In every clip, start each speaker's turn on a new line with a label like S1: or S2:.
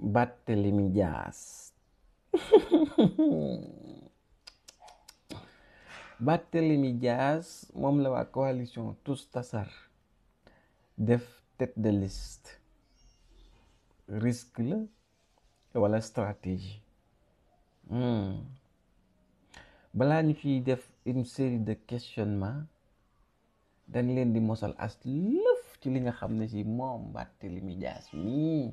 S1: Barthélemy Dias Barthélemy Dias moom la waa coalition Tous Tasar def tête de liste risque la wala stratégie hmm. balaa ñu fiy def une série de questionment dañ leen di mosal as lëf ci li nga xam ne si moom Barthélemy Dias mii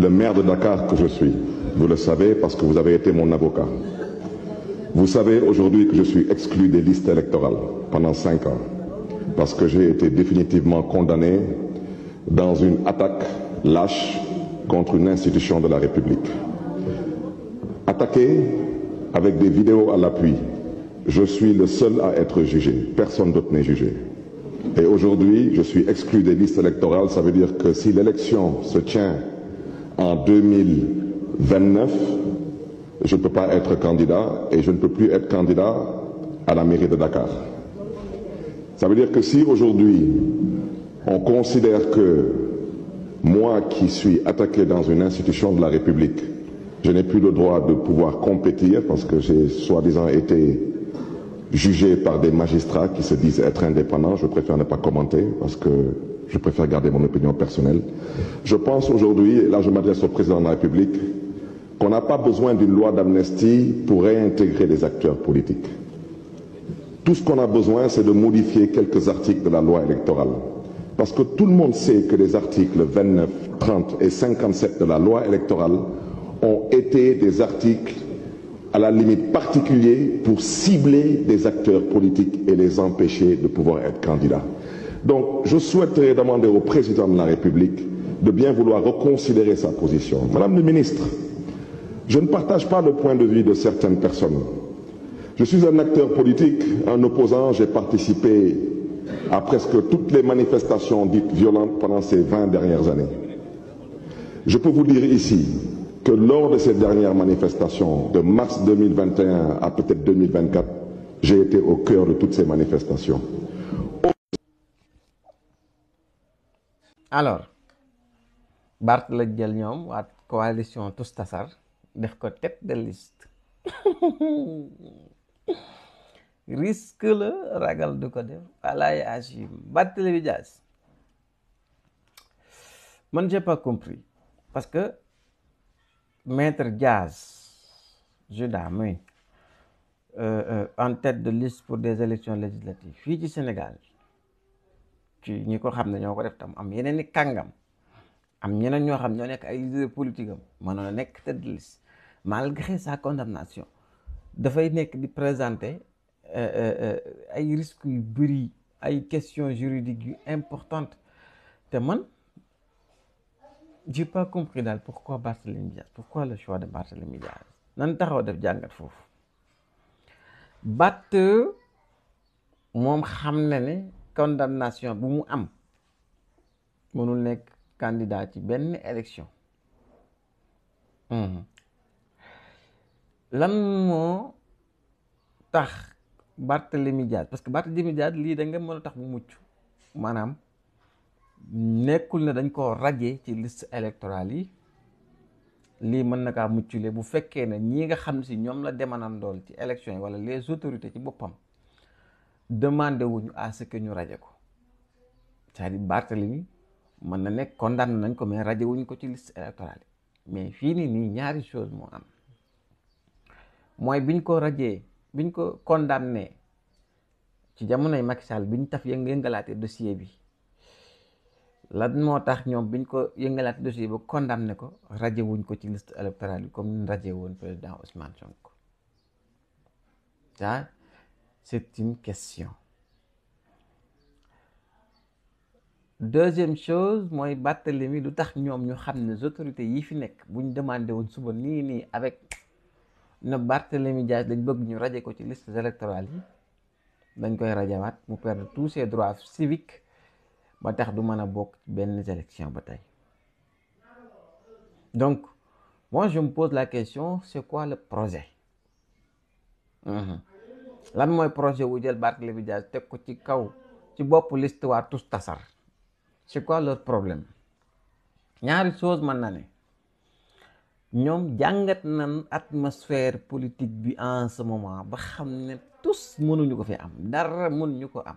S2: le maire de Dakar que je suis. Vous le savez parce que vous avez été mon avocat. Vous savez aujourd'hui que je suis exclu des listes électorales pendant cinq ans parce que j'ai été définitivement condamné dans une attaque lâche contre une institution de la République. Attaqué avec des vidéos à l'appui, je suis le seul à être jugé. Personne d'autre n'est jugé. Et aujourd'hui, je suis exclu des listes électorales. Ça veut dire que si l'élection se tient en 2029, je ne peux pas être candidat et je ne peux plus être candidat à la mairie de Dakar. Ça veut dire que si aujourd'hui on considère que moi qui suis attaqué dans une institution de la République, je n'ai plus le droit de pouvoir compétir parce que j'ai soi-disant été jugé par des magistrats qui se disent être indépendants. Je préfère ne pas commenter parce que je préfère garder mon opinion personnelle. Je pense aujourd'hui, et là je m'adresse au président de la République, qu'on n'a pas besoin d'une loi d'amnistie pour réintégrer les acteurs politiques. Tout ce qu'on a besoin, c'est de modifier quelques articles de la loi électorale. Parce que tout le monde sait que les articles 29, 30 et 57 de la loi électorale ont été des articles à la limite particulière pour cibler des acteurs politiques et les empêcher de pouvoir être candidats. Donc, je souhaiterais demander au président de la République de bien vouloir reconsidérer sa position. Madame le ministre, je ne partage pas le point de vue de certaines personnes. Je suis un acteur politique, un opposant, j'ai participé à presque toutes les manifestations dites violentes pendant ces 20 dernières années. Je peux vous dire ici que lors de ces dernières manifestations de mars 2021 à peut-être 2024, j'ai été au cœur de toutes ces manifestations.
S1: alors Bart la coalition Tostassar, Tassar def ko tête de liste risque le ragal du côté. y a agim Barthélémy Moi, man n'ai pas compris parce que Maître Diaz, Judas, euh, euh, en tête de liste pour des élections législatives fii ci Sénégal ci ñi ko xam ne ñoo ko def tam am yeneen i kàngam am ñeneen ñoo xam ñoo nekk ay leader politique am mënoon est nekk tête de liste malgré sa condamnation dafay nekk di présenter euh, euh, ay risques yu bëri ay questions juridiques yu importantes te man j'ai pas compris daal pourquoi Barthélémy Dias pourquoi le choix de Barthélémy Dias nan taxaw def jàngat foofu Barth mom xam na ne condamnation bu mu am mënul nekk candidat ci benn élection mhm. lan moo tax Barthélémy Dias parce que Barthélémy lii da nga mën tax nekkul na dañ koo ràjjee ci liste électorale yi lii mën nag a muccule bu fekkee ne ñii nga xam si ñoom la demanam dool ci élection yi wala les autorités ci boppam demandé wuñu à ce ñu raje ko c'est-à-dire Barthélemy mën na nekk condamné nañ ko mais raje wuñ ko ci liste électorale yi mais fii nii nii ñaari chose moo am mooy biñ ko rajee biñ ko condamné ci jamonoy Macky Sall biñ taf yëng-yëngalaatee dossier bi lan moo tax ñoom biñ ko yëngalaat dossier ba condamné ko raje wuñ ko ci liste électorale comme ni raje woon président Ousmane Sonko ça c'est une question deuxième chose mooy Barthélemy lu tax ñoom ñu xam ne autorités yi fi nekk buñ demandé woon suba nii nii avec na Barthélemy Dias dañ bëgg ñu raje ko ci liste électorale yi dañ koy rajawaat mu perdre tous ses droits civiques ba tax du mën a bokk ci benn élection donc moi je me pose la question c'est quoi le projet mhm. lan moy projet wu jël Barthélémy Dias tek ko ci kaw ci bop liste waa tous tasar c'est quoi leur problème ñaari chose mën na ne ñoom jàngat nan atmosphère politique bi en ce moment ba xam tous mënuñu ko fi am dara mënuñu ko am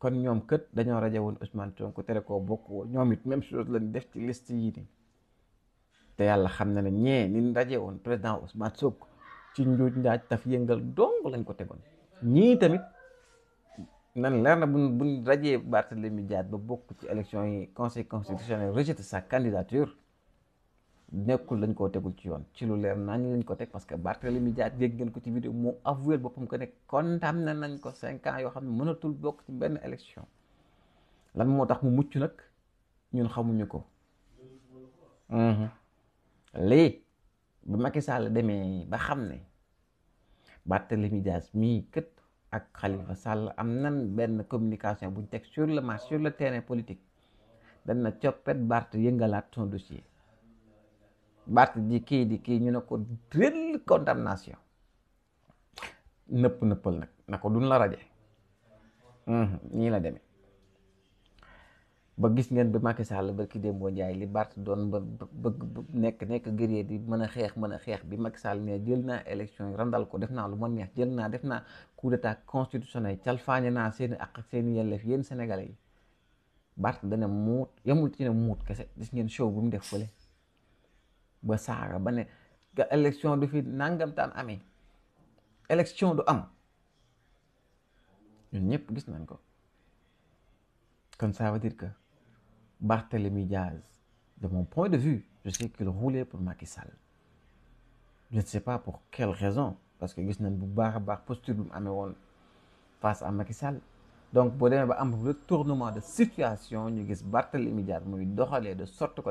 S1: kon ñoom kët dañoo rajo woon Ousmane Sonko tere koo bokk woo ñoom it même chose lañ def ci liste yii nii te yàlla xam na ne ñee ni rajo woon président Ousmane Sonko ci njuuj njaaj taf yëngal dong lañ ko tegoon ñii tamit nan leer na buñ buñ rajee Barthélemy Dias ba bokk ci élection yi conseil constitutionnel rejette sa candidature nekkul lañ koo tegul ci yoon ci lu leer nañ lañ ko teg parce que Barthélemy Dias dégg ngeen ko ci vidéo moo avoué boppam que ne condamné nañ ko cinq yoo xam ne mënatul bokk ci benn élection lan moo tax mu mucc nag ñun xamuñu ko mhm. lii bi Macky sàll demee ba xam ne Barthélemy Dias mii kët ak Khalifa Sall am nan benn communication buñ teg sur le marché sur le terrain politique dana coppet Barth yëngalaat son dossier Bart hmm, di ki di ki ñu ne ko drill condamnation nëpp nëppal nak na ko duñ la raje nii la demee ba gis ngeen bi Macky Sall ba ki Dembo Ndiaye li Bart doon ba bëgg nekk nek gëree di mën a mana mën a xeex bi Macky Sall ne jël naa élection randal ko def naa lu ma neex jël naa def coup d'état constitutionnel calfaañe naa seeni ak seeni yelleef ya yéen sénégalais yi Bart dana mut yamul ci ne mut kese gis ngeen show bu mu def ba y ba ne élection du élection ça veut dire que Barthélemy Diaz de mon point de vue je sais qu'il roulait pour Macky je ne sais pas pour quelle raison parce que gis nañ bu posture face à Macky donc ba am retournement de situation ñu gis Barthélemy Diaz de sorte ko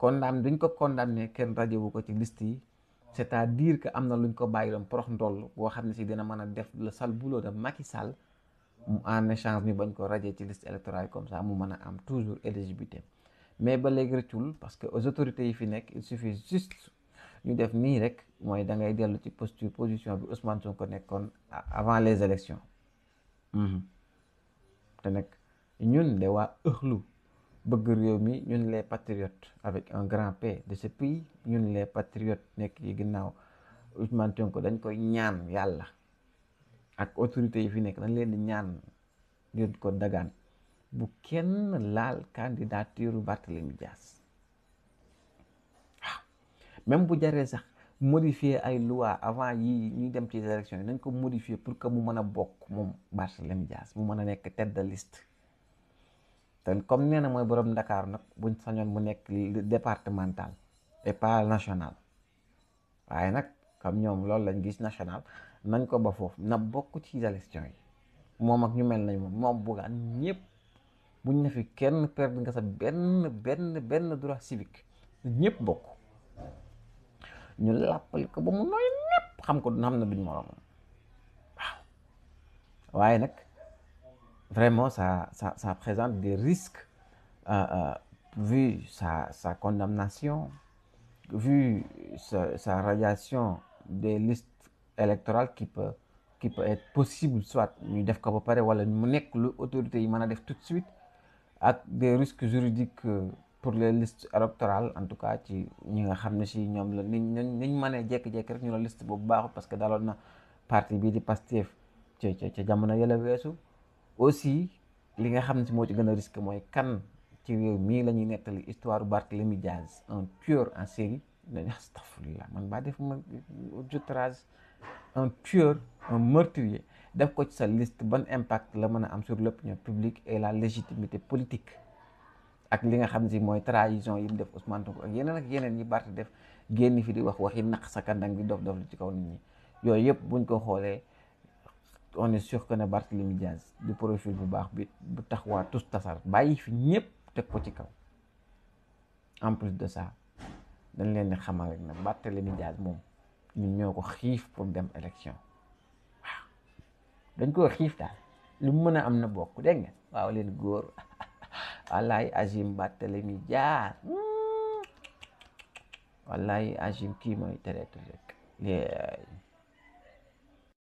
S1: condamné duñ ko condamné kenn rajowu ko ci liste yi c'est-à-dire que am na luñ ko bàyyi doon porox ndoll boo xam ne si dina mën a def le sal boulot de Macky Sall mu en échange ñu bañ ko rajee ci liste électorale comme ça mu mën a am toujours éligibilité mais ba léegi rëccul parce que aux autorités yi fi nekk il suffit ñu def nii rek mooy da ngay dellu ci posture position bi Ousmane Sonko nekkoon avant les élections mhm. te nag waa ëxlu bëgg réew mi ñun les patriotes avec un grand P de ce pays ñun les patriotes nekk yi ginnaaw Ousmane ko dañ koy ñaan yàlla ak autorités yi fi nekk dañ leen di ñaan leen ko dagaan bu kenn laal candidature Barthélémy Dias jaas ah, même bu jaree sax modifier ay loi avant yi ñuy dem ci élection yi nañ ko modifier pour que mu mën a bokk moom Barthélémy Dias mu mën a nekk tête de liste te comme nee mooy borom Ndakaaru nag bu buñ sañoon mu nekk départemental et pas national waaye nag comme ñoom loolu lañ gis national nañ ko ba foofu na bokk ci élection yi moom ak ñu mel nañ moom moom buggaan ñëpp buñ ne fi kenn perdre nga sa benn benn benn droit civique ñëpp bokk ñu làppal ko ba mu nooy ñëpp xam ko xam na duñ moroomam waaw waaye nag vraiment, ça, ça, présente des risques, euh, euh, vu sa, condamnation, vu sa, radiation des listes électorales qui peut, qui peut être possible, soit nous devons préparer ou l'autorité tout de suite, avec des risques juridiques euh, pour les listes électorales, en tout cas, nous savons si nous avons liste parce que dans le parti, il y a des pastifs. ca aussi li nga xam ne si moo ci gën a risque mooy kan ci réew mii la ñuy nettali histoire Barthélemy Diaz un tueur en série dañu man baa def ma outrage un tueur un meurtrier def ko ci sa liste ban impact la mën am sur l'opinion publique et la légitimité politique ak li nga xam si mooy trahison def Ousmane Sonko ak yeneen ak yeneen yi Barth def génn fi di wax waxi naq sa kandang di dof dof ci kaw nit ñi buñ ko on est sûr que ne Barthélemy Diaz du profil bu baax bi bu tax waa tous tasar bàyyi fi ñepp teg ko ci kaw en plus de ça dañ leen di xamal rek ne Barthélemy Diaz mom ñun ñoko xif pour dem élection dañ ko xif daal lu mu mën a am na bokk dégg nga waaw leen góor wallahi Azim Barthélemy Diaz hmm. wallahi Azim kii mooy traître rek